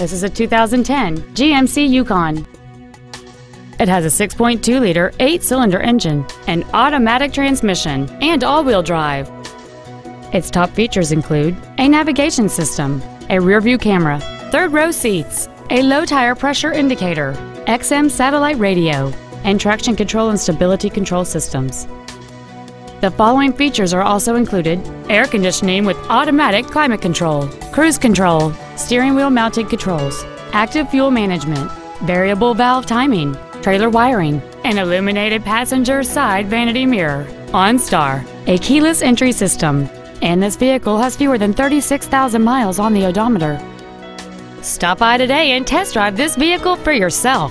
This is a 2010 GMC Yukon. It has a 6.2-liter, eight-cylinder engine, an automatic transmission, and all-wheel drive. Its top features include a navigation system, a rear-view camera, third-row seats, a low-tire pressure indicator, XM satellite radio, and traction control and stability control systems. The following features are also included air conditioning with automatic climate control, cruise control, steering wheel mounted controls, active fuel management, variable valve timing, trailer wiring, an illuminated passenger side vanity mirror, OnStar, a keyless entry system, and this vehicle has fewer than 36,000 miles on the odometer. Stop by today and test drive this vehicle for yourself.